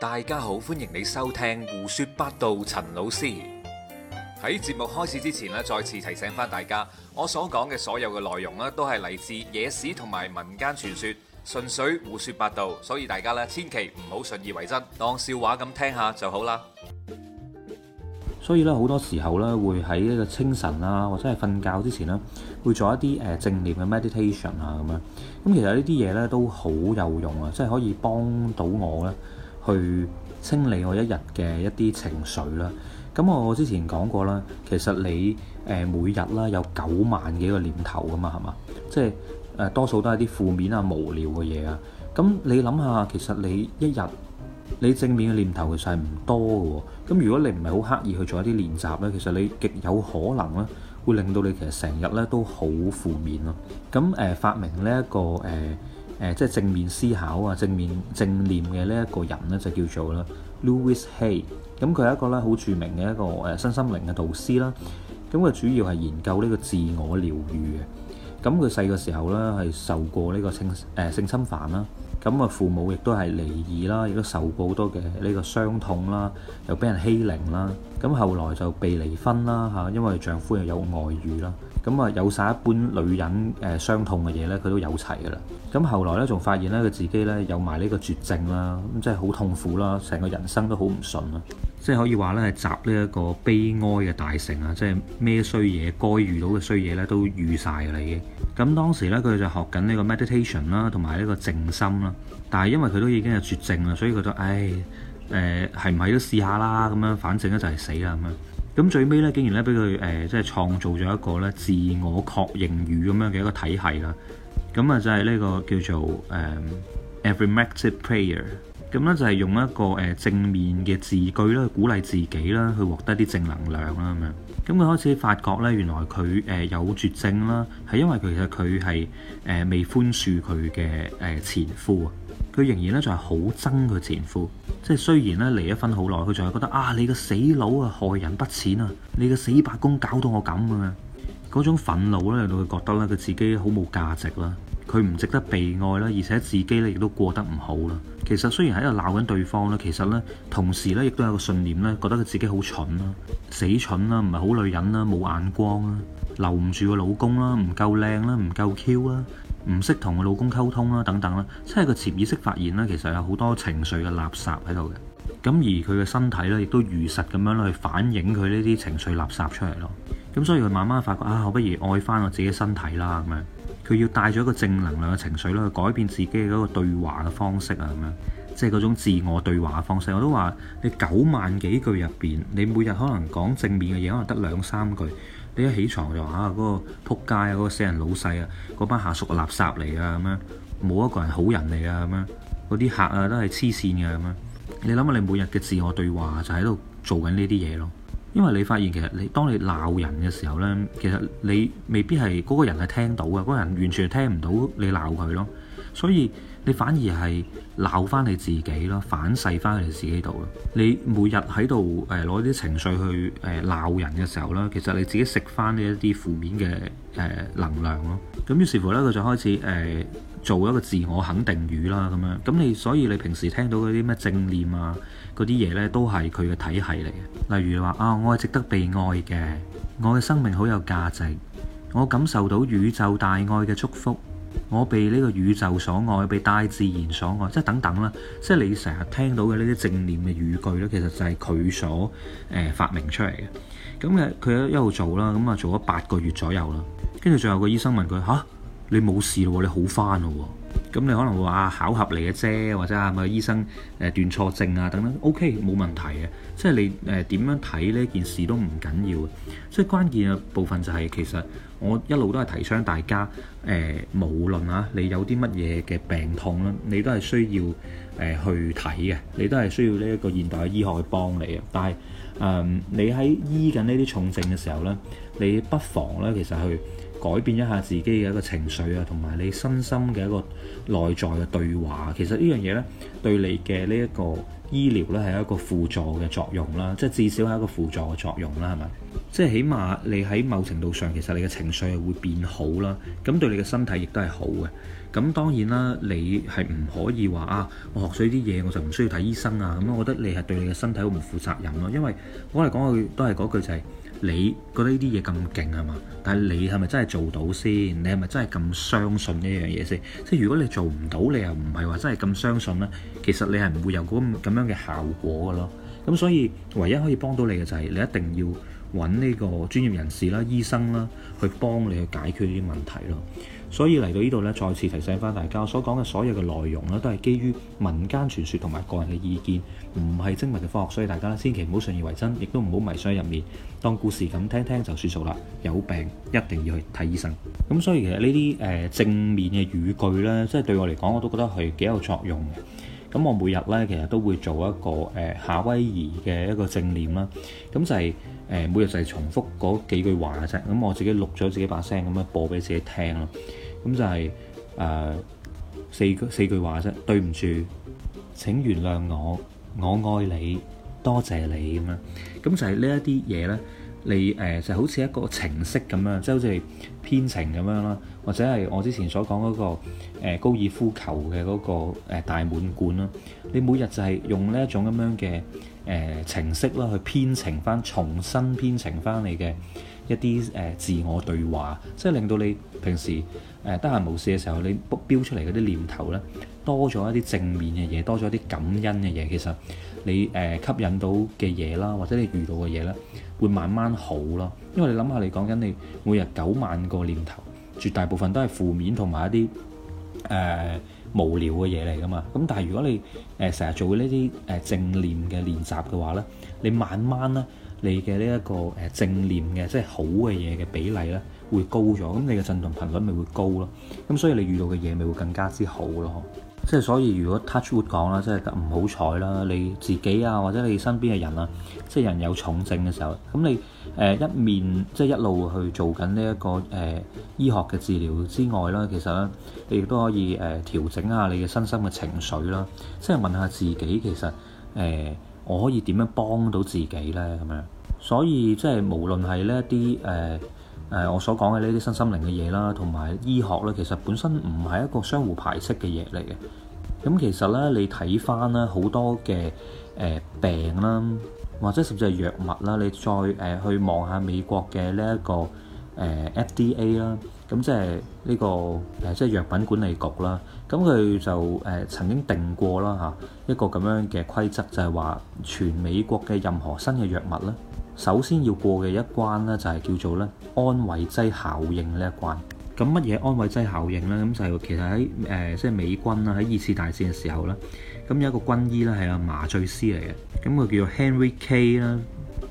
大家好，歡迎你收聽胡說八道。陳老師喺節目開始之前咧，再次提醒翻大家，我所講嘅所有嘅內容咧，都係嚟自野史同埋民間傳說，純粹胡說八道，所以大家咧千祈唔好信以為真，當笑話咁聽下就好啦。所以咧，好多時候咧會喺一個清晨啊，或者係瞓覺之前咧，會做一啲誒正念嘅 meditation 啊，咁樣咁。其實呢啲嘢咧都好有用啊，即係可以幫到我咧。去清理我一日嘅一啲情緒啦。咁我之前講過啦，其實你誒每日啦有九萬幾個念頭噶嘛，係嘛？即係誒、呃、多數都係啲負面啊，無聊嘅嘢啊。咁你諗下，其實你一日你正面嘅念頭其實係唔多嘅喎、啊。咁如果你唔係好刻意去做一啲練習呢，其實你極有可能咧會令到你其實成日呢都好負面咯、啊。咁誒、呃、發明呢一個誒。呃誒即係正面思考啊，正面正念嘅呢一個人呢，就叫做啦 Louis Hay，咁佢係一個呢好著名嘅一個身心靈嘅導師啦。咁佢主要係研究呢個自我療愈嘅。咁佢細個時候呢，係受過呢個性誒、呃、性侵犯啦。咁啊父母亦都係離異啦，亦都受過好多嘅呢個傷痛啦，又俾人欺凌啦。咁後來就被離婚啦嚇，因為丈夫又有外遇啦。咁啊、嗯，有晒一般女人誒、呃、傷痛嘅嘢呢，佢都有齊㗎啦。咁、嗯、後來呢，仲發現呢，佢自己呢，有埋呢個絕症啦，咁、嗯、即係好痛苦啦，成個人生都好唔順啊。即係可以話呢，係集呢一個悲哀嘅大成啊，即係咩衰嘢該遇到嘅衰嘢呢，都遇曬嚟嘅。咁、嗯、當時呢，佢就學緊呢個 meditation 啦，同埋呢個靜心啦。但係因為佢都已經有絕症啦，所以覺得唉誒，係唔係都試下啦？咁樣反正呢，就係死啦咁樣。咁最尾咧，竟然咧俾佢誒，即係創造咗一個咧自我確認語咁樣嘅一個體系啦。咁啊，就係呢個叫做誒、um, Every Magic Prayer 咁咧，就係用一個誒正面嘅字句啦，去鼓勵自己啦，去獲得啲正能量啦咁樣。咁佢開始發覺咧，原來佢誒有絕症啦，係因為其實佢係誒未寬恕佢嘅誒前夫啊。佢仍然咧就係好憎佢前夫，即係雖然咧離咗婚好耐，佢仲係覺得啊，你個死佬啊害人不淺啊，你個死伯公搞到我咁啊，嗰種憤怒咧令到佢覺得咧佢自己好冇價值啦，佢唔值得被愛啦，而且自己咧亦都過得唔好啦。其實雖然喺度鬧緊對方啦，其實咧同時咧亦都有個信念咧，覺得佢自己好蠢啊，死蠢啦，唔係好女人啦，冇眼光啊，留唔住個老公啦，唔夠靚啦，唔夠 Q 啦。唔識同個老公溝通啦，等等啦，即係個潛意識發現啦，其實有好多情緒嘅垃圾喺度嘅。咁而佢嘅身體咧，亦都如實咁樣去反映佢呢啲情緒垃圾出嚟咯。咁所以佢慢慢發覺啊，我不如愛翻我自己身體啦咁樣。佢要帶咗一個正能量嘅情緒咧，去改變自己嘅一個對話嘅方式啊咁樣，即係嗰種自我對話嘅方式。我都話你九萬幾句入邊，你每日可能講正面嘅嘢可能得兩三句。你一起床就話啊，嗰個撲街啊，嗰個死人老細啊，嗰班下屬垃圾嚟啊，咁樣冇一個人好人嚟啊，咁樣嗰啲客啊都係黐線嘅，咁樣你諗下，你每日嘅自我對話就喺度做緊呢啲嘢咯。因為你發現其實你當你鬧人嘅時候呢，其實你未必係嗰個人係聽到嘅，嗰個人完全係聽唔到你鬧佢咯。所以你反而係鬧翻你自己咯，反噬翻你自己度咯。你每日喺度誒攞啲情緒去誒鬧、呃、人嘅時候咧，其實你自己食翻呢一啲負面嘅誒、呃、能量咯。咁於是乎呢，佢就開始誒、呃、做一個自我肯定語啦咁樣。咁你所以你平時聽到嗰啲咩正念啊嗰啲嘢呢，都係佢嘅體系嚟嘅。例如話啊，我係值得被愛嘅，我嘅生命好有價值，我感受到宇宙大愛嘅祝福。我被呢個宇宙所愛，被大自然所愛，即係等等啦。即係你成日聽到嘅呢啲正念嘅語句咧，其實就係佢所誒、呃、發明出嚟嘅。咁嘅佢喺一路做啦，咁、嗯、啊做咗八個月左右啦。跟住最後個醫生問佢，吓、啊，你冇事咯，你好翻咯。咁你可能會話巧合嚟嘅啫，或者係咪醫生誒斷錯症啊等等？OK，冇問題嘅。即係你誒點、呃、樣睇呢件事都唔緊要。所以關鍵嘅部分就係、是、其實。我一路都係提倡大家，誒、呃、無論嚇、啊、你有啲乜嘢嘅病痛啦，你都係需要誒、呃、去睇嘅，你都係需要呢一個現代嘅醫學去幫你嘅。但係誒、呃、你喺醫緊呢啲重症嘅時候呢，你不妨呢其實去改變一下自己嘅一個情緒啊，同埋你身心嘅一個內在嘅對話。其實呢樣嘢呢，對你嘅呢一個醫療咧係一個輔助嘅作用啦，即係至少係一個輔助嘅作用啦，係咪？即係起碼你喺某程度上，其實你嘅情緒係會變好啦，咁對你嘅身體亦都係好嘅。咁當然啦，你係唔可以話啊，我學咗啲嘢我就唔需要睇醫生啊。咁我覺得你係對你嘅身體好唔負責任咯。因為我嚟講，我都係嗰句就係、係。你覺得呢啲嘢咁勁係嘛？但係你係咪真係做到先？你係咪真係咁相信呢樣嘢先？即係如果你做唔到，你又唔係話真係咁相信啦，其實你係唔會有嗰咁樣嘅效果嘅咯。咁所以唯一可以幫到你嘅就係、是、你一定要揾呢個專業人士啦、醫生啦，去幫你去解決呢啲問題咯。所以嚟到呢度呢，再次提醒翻大家，所講嘅所有嘅內容咧，都係基於民間傳說同埋個人嘅意見，唔係精密嘅科學，所以大家千祈唔好信以為真，亦都唔好迷上入面，當故事咁聽聽就算數啦。有病一定要去睇醫生。咁所以其實呢啲誒正面嘅語句呢，即係對我嚟講，我都覺得係幾有作用嘅。咁我每日呢，其實都會做一個誒夏威夷嘅一個正念啦。咁就係。誒每日就係重複嗰幾句話啫，咁我自己錄咗自己把聲咁樣播俾自己聽咯。咁就係、是、誒、呃、四四句話啫，對唔住，請原諒我，我愛你，多謝你咁樣。咁就係呢一啲嘢呢，你誒、呃、就好似一個程式咁樣，即係好似編程咁樣啦，或者係我之前所講嗰個高爾夫球嘅嗰個大滿貫啦。你每日就係用呢一種咁樣嘅。誒、呃、程式啦，去編程翻，重新編程翻你嘅一啲誒、呃、自我對話，即係令到你平時誒得、呃、閒無事嘅時候，你標出嚟嗰啲念頭呢，多咗一啲正面嘅嘢，多咗一啲感恩嘅嘢，其實你誒、呃、吸引到嘅嘢啦，或者你遇到嘅嘢呢，會慢慢好咯。因為你諗下，你講緊你每日九萬個念頭，絕大部分都係負面同埋一啲誒、呃無聊嘅嘢嚟㗎嘛？咁但係如果你誒成日做呢啲誒正念嘅練習嘅話咧，你慢慢咧你嘅呢一個誒正念嘅即係好嘅嘢嘅比例咧會高咗，咁你嘅震動頻率咪會高咯，咁所以你遇到嘅嘢咪會更加之好咯。即係所以，如果 touch wood 講啦，即係唔好彩啦，你自己啊，或者你身邊嘅人啊，即係人有重症嘅時候，咁你誒一面即係一路去做緊呢一個誒、呃、醫學嘅治療之外啦，其實咧你亦都可以誒、呃、調整下你嘅身心嘅情緒啦，即係問下自己其實誒、呃、我可以點樣幫到自己呢？咁樣。所以即係無論係呢一啲誒。呃誒，我所講嘅呢啲新心靈嘅嘢啦，同埋醫學咧，其實本身唔係一個相互排斥嘅嘢嚟嘅。咁其實咧，你睇翻咧好多嘅誒病啦，或者甚至係藥物啦，你再誒去望下美國嘅呢一個誒 FDA 啦，咁即係呢個誒即係藥品管理局啦。咁佢就誒曾經定過啦嚇一個咁樣嘅規則，就係話全美國嘅任何新嘅藥物咧。首先要過嘅一關咧，就係叫做咧安，安慰劑效應呢一關。咁乜嘢安慰劑效應咧？咁就係其實喺誒即係美軍啊，喺二次大戰嘅時候咧，咁有一個軍醫啦，係阿麻醉師嚟嘅，咁佢叫做 Henry K. 啦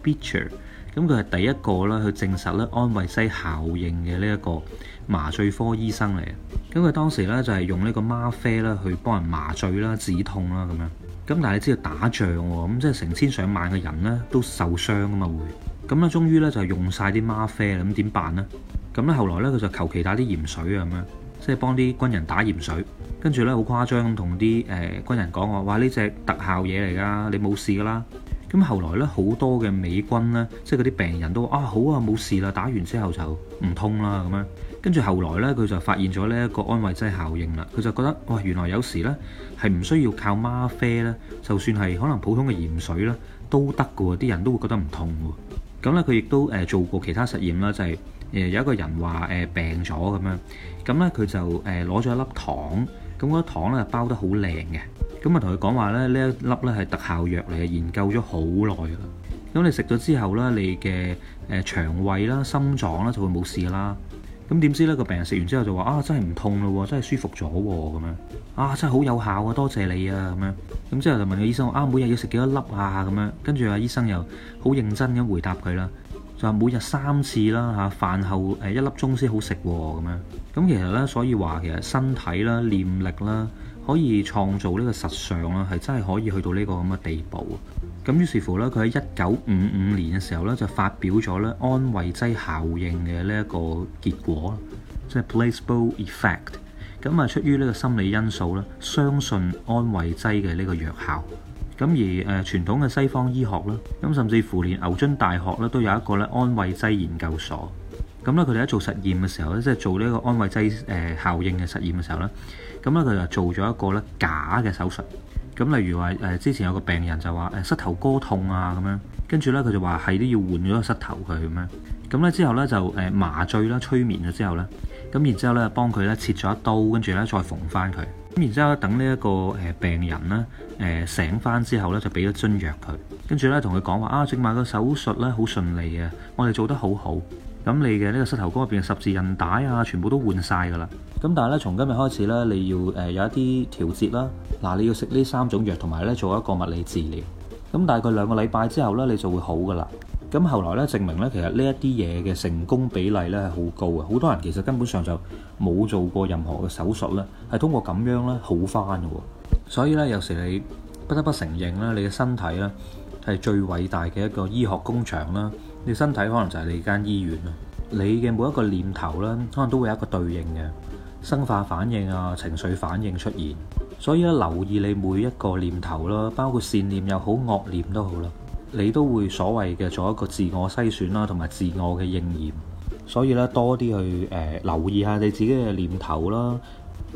Beecher，咁佢係第一個咧去證實咧安慰劑效應嘅呢一個。麻醉科醫生嚟，咁佢當時咧就係用呢個嗎啡啦，去幫人麻醉啦、止痛啦咁樣。咁但係你知道打仗喎、哦，咁即係成千上萬嘅人咧都受傷㗎嘛會。咁咧，終於咧就用晒啲嗎啡啦，咁點辦咧？咁咧後來咧佢就求其打啲鹽水啊咁樣，即係幫啲軍人打鹽水。跟住咧好誇張咁同啲誒軍人講話，哇呢隻特效嘢嚟㗎，你冇事㗎啦。咁後來咧好多嘅美軍咧，即係嗰啲病人都啊好啊冇事啦，打完之後就唔痛啦咁樣。跟住後來咧，佢就發現咗呢一個安慰劑效應啦。佢就覺得哇，原來有時呢係唔需要靠嗎啡呢，就算係可能普通嘅鹽水咧都得嘅喎。啲人都會覺得唔痛喎。咁呢，佢亦都誒做過其他實驗啦，就係誒有一個人話誒病咗咁樣，咁呢，佢就誒攞咗一粒糖，咁嗰粒糖咧包得好靚嘅，咁啊同佢講話咧呢一粒呢係特效藥嚟嘅，研究咗好耐啊。咁你食咗之後呢，你嘅誒腸胃啦、心臟啦就會冇事啦。咁點知呢個病人食完之後就話啊真係唔痛嘞喎，真係舒服咗喎咁樣，啊真係好有效啊，多謝你啊咁樣。咁之後就問個醫生，啊每日要食幾多粒啊咁樣。跟住啊醫生又好認真咁回答佢啦，就話每日三次啦嚇，飯後誒一粒鐘先好食喎咁樣。咁其實呢，所以話其實身體啦、念力啦。可以創造呢個實相啦，係真係可以去到呢個咁嘅地步。咁於是乎咧，佢喺一九五五年嘅時候咧，就發表咗咧安慰劑效應嘅呢一個結果，即係 placebo effect。咁啊，出於呢個心理因素咧，相信安慰劑嘅呢個藥效。咁而誒傳統嘅西方醫學咧，咁甚至乎連牛津大學咧，都有一個咧安慰劑研究所。咁咧，佢哋喺做實驗嘅時候咧，即係做呢個安慰劑誒效應嘅實驗嘅時候咧。咁咧，佢就做咗一個咧假嘅手術，咁例如話誒之前有個病人就話誒膝頭哥痛啊咁樣，跟住咧佢就話係都要換咗個膝頭佢咁樣。咁咧之後咧就誒麻醉啦，催眠咗之後咧，咁然之後咧幫佢咧切咗一刀，跟住咧再縫翻佢，咁然之後咧等呢一個誒病人咧誒醒翻之後咧就俾咗樽藥佢，跟住咧同佢講話啊，整埋個手術咧好順利啊，我哋做得好好。咁你嘅呢個膝頭哥入邊十字韌帶啊，全部都換晒噶啦。咁但係咧，從今日開始咧，你要誒、呃、有一啲調節啦。嗱、呃，你要食呢三種藥，同埋咧做一個物理治療。咁大概兩個禮拜之後呢，你就會好噶啦。咁後來呢，證明呢，其實呢一啲嘢嘅成功比例呢，係好高嘅。好多人其實根本上就冇做過任何嘅手術呢，係通過咁樣呢，好翻噶喎。所以呢，有時你不得不承認咧，你嘅身體呢，係最偉大嘅一個醫學工場啦。你身體可能就係你間醫院啦。你嘅每一個念頭咧，可能都會有一個對應嘅生化反應啊、情緒反應出現。所以咧，留意你每一個念頭啦，包括善念又好、惡念都好啦，你都會所謂嘅做一個自我篩選啦，同埋自我嘅應驗。所以咧，多啲去誒留意下你自己嘅念頭啦，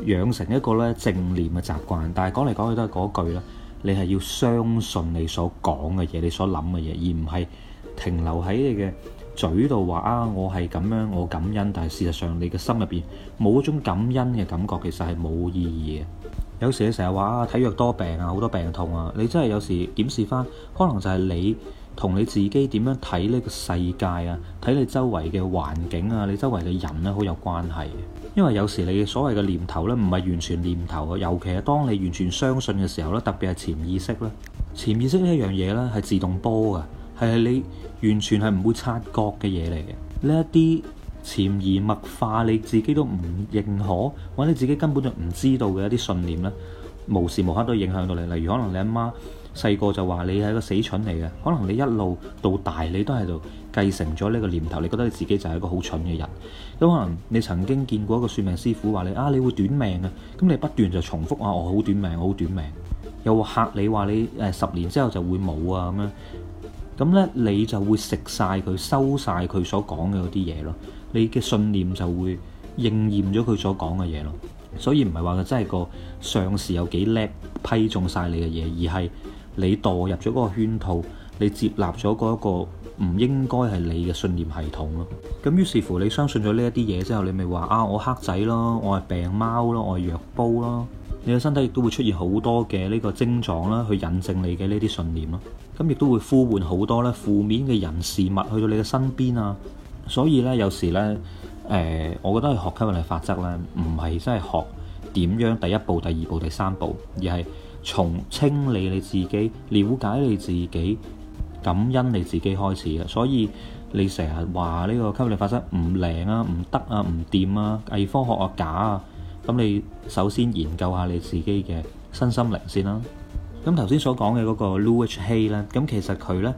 養成一個咧正念嘅習慣。但係講嚟講去都係嗰句啦，你係要相信你所講嘅嘢，你所諗嘅嘢，而唔係停留喺你嘅嘴度，話啊，我係咁樣，我感恩。但係事實上，你嘅心入邊冇嗰種感恩嘅感覺，其實係冇意義嘅。有時你成日話啊，體弱多病啊，好多病痛啊，你真係有時檢視翻，可能就係你同你自己點樣睇呢個世界啊，睇你周圍嘅環境啊，你周圍嘅人咧，好有關係。因為有時你嘅所謂嘅念頭呢，唔係完全念頭啊，尤其係當你完全相信嘅時候呢，特別係潛意識啦，潛意識呢一樣嘢呢，係自動波㗎。係係你完全係唔會察覺嘅嘢嚟嘅，呢一啲潛移默化，你自己都唔認可，或者自己根本就唔知道嘅一啲信念咧，無時無刻都影響到你。例如可能你阿媽細個就話你係一個死蠢嚟嘅，可能你一路到大，你都喺度繼承咗呢個念頭，你覺得你自己就係一個好蠢嘅人。咁可能你曾經見過一個算命師傅話你啊，你會短命啊，咁你不斷就重複啊，我好短命，好短命，又嚇你話你誒十年之後就會冇啊咁樣。咁呢，你就會食晒佢，收晒佢所講嘅嗰啲嘢咯。你嘅信念就會應驗咗佢所講嘅嘢咯。所以唔係話佢真係個上士有幾叻批中晒你嘅嘢，而係你墮入咗嗰個圈套，你接納咗嗰一個唔應該係你嘅信念系統咯。咁於是乎，你相信咗呢一啲嘢之後，你咪話啊，我黑仔咯，我係病貓咯，我係藥煲咯，你嘅身體亦都會出現好多嘅呢個症狀啦，去引證你嘅呢啲信念咯。咁亦都會呼喚好多咧負面嘅人事物去到你嘅身邊啊！所以咧有時咧，誒、呃，我覺得係學吸引力法則咧，唔係真係學點樣第一步、第二步、第三步，而係從清理你自己、了解你自己、感恩你自己開始嘅。所以你成日話呢個吸引力法則唔靈啊、唔得啊、唔掂啊，偽科學啊、假啊，咁你首先研究下你自己嘅身心靈先啦、啊。咁頭先所講嘅嗰個 Louise Hay 啦，咁其實佢咧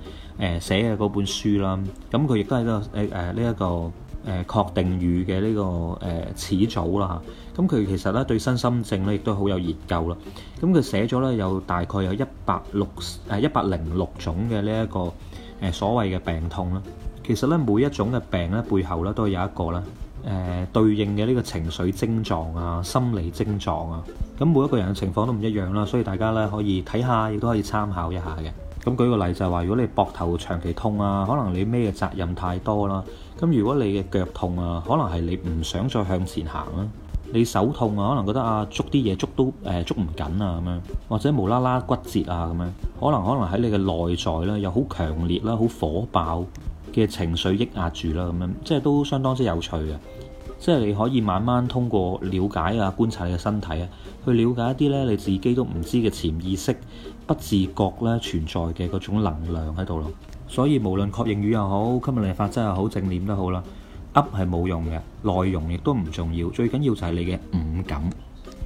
誒寫嘅嗰本書啦，咁佢亦都係一個誒呢一個誒、呃、確定語嘅呢個誒、呃、始祖啦嚇。咁、啊、佢其實咧對身心症咧亦都好有研究啦。咁佢寫咗咧有大概有一百六誒一百零六種嘅呢一個誒、呃、所謂嘅病痛啦。其實咧每一種嘅病咧背後咧都有一個啦。誒、呃、對應嘅呢個情緒症狀啊、心理症狀啊，咁每一個人嘅情況都唔一樣啦，所以大家呢可以睇下，亦都可以參考一下嘅。咁舉個例就係話，如果你膊頭長期痛啊，可能你孭責任太多啦；咁如果你嘅腳痛啊，可能係你唔想再向前行啦、啊；你手痛啊，可能覺得啊捉啲嘢捉都誒、呃、捉唔緊啊咁樣，或者無啦啦骨折啊咁樣，可能可能喺你嘅內在呢，又好強烈啦，好火爆。嘅情緒抑壓住啦，咁樣即係都相當之有趣嘅。即係你可以慢慢通過了解啊、觀察你嘅身體啊，去了解一啲呢你自己都唔知嘅潛意識、不自覺咧存在嘅嗰種能量喺度咯。所以無論確認語又好，今日你嘅法則又好，正念都好啦。噏係冇用嘅，內容亦都唔重要，最緊要就係你嘅五感，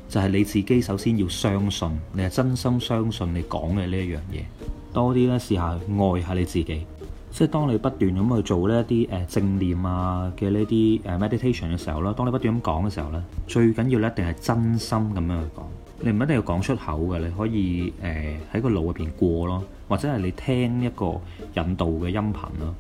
就係你自己首先要相信，你係真心相信你講嘅呢一樣嘢。多啲咧，試下愛下你自己。即係當你不斷咁去做呢一啲誒正念啊嘅呢啲誒 meditation 嘅時候啦，當你不斷咁講嘅時候咧，最緊要咧一定係真心咁樣去講，你唔一定要講出口嘅，你可以誒喺、呃、個腦入邊過咯，或者係你聽一個引導嘅音頻咯。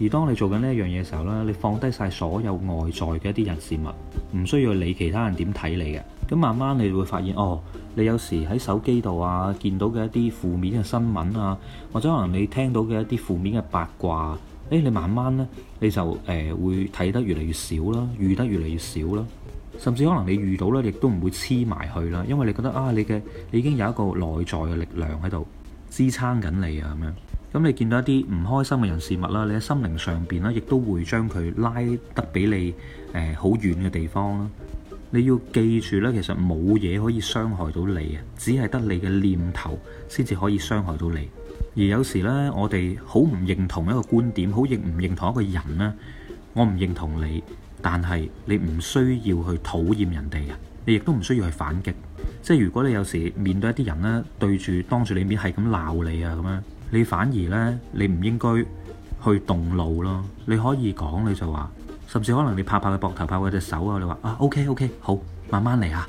而當你做緊呢一樣嘢嘅時候呢，你放低晒所有外在嘅一啲人事物，唔需要理其他人點睇你嘅。咁慢慢你會發現，哦，你有時喺手機度啊見到嘅一啲負面嘅新聞啊，或者可能你聽到嘅一啲負面嘅八卦，啊，誒，你慢慢呢你就誒，呃，會睇得越嚟越少啦，遇得越嚟越少啦，甚至可能你遇到呢亦都唔會黐埋去啦，因為你覺得啊，你嘅你已經有一個內在嘅力量喺度支撐緊你啊咁樣。咁你見到一啲唔開心嘅人事物啦，你喺心靈上邊咧，亦都會將佢拉得俾你誒好遠嘅地方啦。你要記住咧，其實冇嘢可以傷害到你啊，只係得你嘅念頭先至可以傷害到你。而有時咧，我哋好唔認同一個觀點，好認唔認同一個人呢，我唔認同你，但係你唔需要去討厭人哋啊，你亦都唔需要去反擊。即係如果你有時面對一啲人咧，對住當住你面係咁鬧你啊，咁樣。你反而呢，你唔應該去動怒咯。你可以講，你就話，甚至可能你拍拍佢膊頭，拍佢隻手啊。你話啊，OK OK，好，慢慢嚟啊，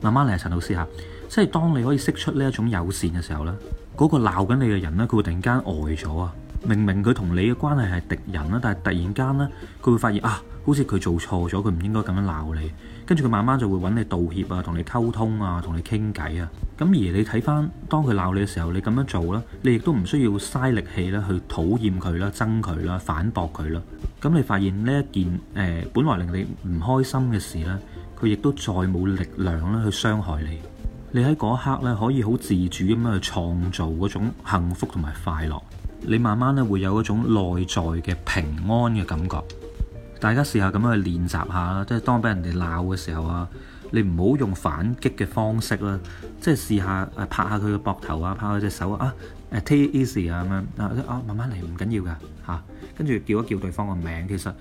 慢慢嚟啊，陳老師嚇。即係當你可以釋出呢一種友善嘅時候呢，嗰個鬧緊你嘅人呢，佢會突然間呆咗啊。明明佢同你嘅關係係敵人啦，但係突然間呢，佢會發現啊。好似佢做錯咗，佢唔應該咁樣鬧你，跟住佢慢慢就會揾你道歉啊，同你溝通啊，同你傾偈啊。咁而你睇翻當佢鬧你嘅時候，你咁樣做啦，你亦都唔需要嘥力氣啦，去討厭佢啦，憎佢啦，反駁佢啦。咁你發現呢一件誒、呃、本來令你唔開心嘅事呢，佢亦都再冇力量啦去傷害你。你喺嗰一刻呢，可以好自主咁樣去創造嗰種幸福同埋快樂。你慢慢咧會有一種內在嘅平安嘅感覺。大家試下咁樣去練習下啦，即係當俾人哋鬧嘅時候啊，你唔好用反擊嘅方式啦，即係試下誒拍下佢個膊頭啊，拍下佢隻手啊，啊 take easy 啊咁樣啊，啊慢慢嚟，唔緊要噶嚇。跟住叫一叫對方個名，其實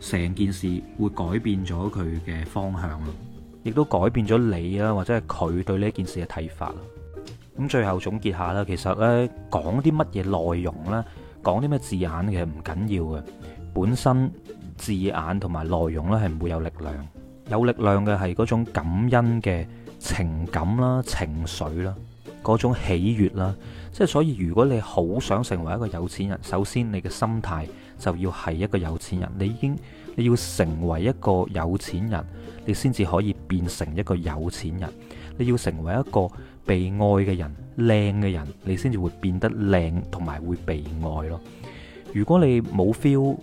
成件事會改變咗佢嘅方向啊，亦都改變咗你啊，或者係佢對呢件事嘅睇法。咁最後總結下啦，其實咧講啲乜嘢內容咧，講啲咩字眼其實唔緊要嘅，本身。字眼同埋內容咧係唔會有力量，有力量嘅係嗰種感恩嘅情感啦、情緒啦、嗰種喜悅啦。即係所以，如果你好想成為一個有錢人，首先你嘅心態就要係一個有錢人。你已經你要成為一個有錢人，你先至可以變成一個有錢人。你要成為一個被愛嘅人、靚嘅人，你先至會變得靚同埋會被愛咯。如果你冇 feel。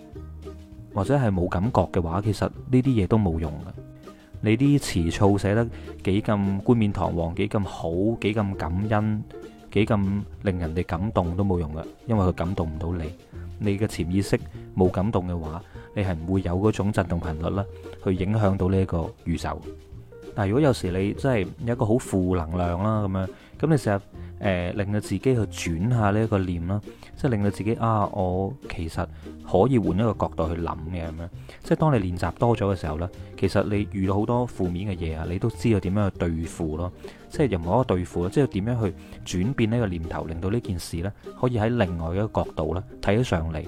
或者係冇感覺嘅話，其實呢啲嘢都冇用嘅。你啲詞藻寫得幾咁冠冕堂皇、幾咁好、幾咁感恩、幾咁令人哋感動都冇用嘅，因為佢感動唔到你。你嘅潛意識冇感動嘅話，你係唔會有嗰種震動頻率啦，去影響到呢一個宇宙。嗱，但如果有時你真係有一個好負能量啦，咁樣咁，你成日誒令到自己去轉下呢一個念啦，即係令到自己啊，我其實可以換一個角度去諗嘅咁樣。即係當你練習多咗嘅時候呢，其實你遇到好多負面嘅嘢啊，你都知道點樣去對付咯。即係唔係話對付咯，即係點樣去轉變呢個念頭，令到呢件事呢可以喺另外一個角度呢睇得上嚟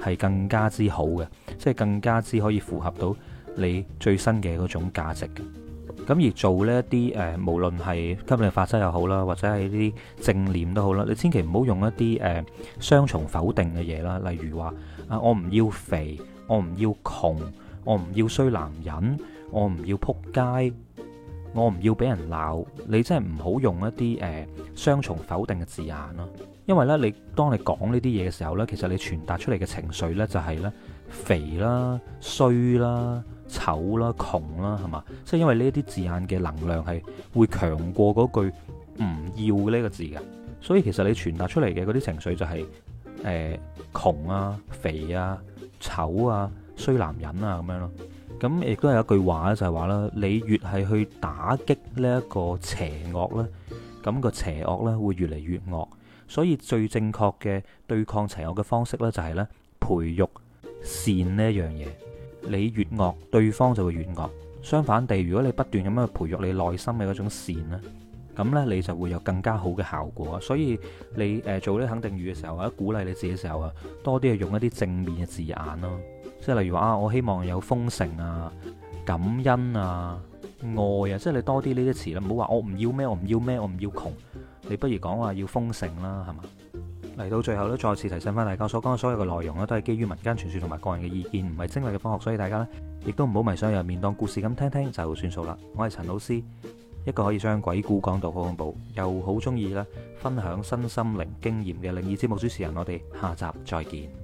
係更加之好嘅，即係更加之可以符合到你最新嘅嗰種價值嘅。咁而做呢一啲誒，無論係吸引力法則又好啦，或者係呢啲正念都好啦，你千祈唔好用一啲誒、uh, 雙重否定嘅嘢啦，例如話啊，我唔要肥，我唔要窮，我唔要衰男人，我唔要仆街，我唔要俾人鬧，你真係唔好用一啲誒、uh, 雙重否定嘅字眼咯，因為呢，你當你講呢啲嘢嘅時候呢，其實你傳達出嚟嘅情緒呢，就係呢：「肥啦、衰啦、醜啦、窮啦、啊，係咪、啊？即係因為呢啲字眼嘅能量係會強過嗰句唔要呢個字嘅，所以其實你傳達出嚟嘅嗰啲情緒就係誒，窮啊、肥啊、醜啊、衰男人啊咁樣咯。咁亦都係有一句話就係話啦，你越係去打擊呢一個邪惡呢，咁個邪惡呢會越嚟越惡。所以最正確嘅對抗邪惡嘅方式呢，就係呢培育善呢一樣嘢。你越惡，對方就會越惡。相反地，如果你不斷咁樣培育你內心嘅嗰種善咧，咁呢你就會有更加好嘅效果。所以你誒、呃、做呢肯定語嘅時候，或者鼓勵你自己嘅時候啊，多啲去用一啲正面嘅字眼咯。即係例如話啊，我希望有豐盛啊、感恩啊、愛啊，即係你多啲呢啲詞啦。唔好話我唔要咩，我唔要咩，我唔要窮。你不如講話要豐盛啦，係嘛？嚟到最後咧，再次提醒翻大家，所講嘅所有嘅內容咧，都係基於民間傳説同埋個人嘅意見，唔係精確嘅科學，所以大家呢，亦都唔好迷上入面，當故事咁聽聽就算數啦。我係陳老師，一個可以將鬼故講到好恐怖，又好中意咧分享身心靈經驗嘅靈異節目主持人，我哋下集再見。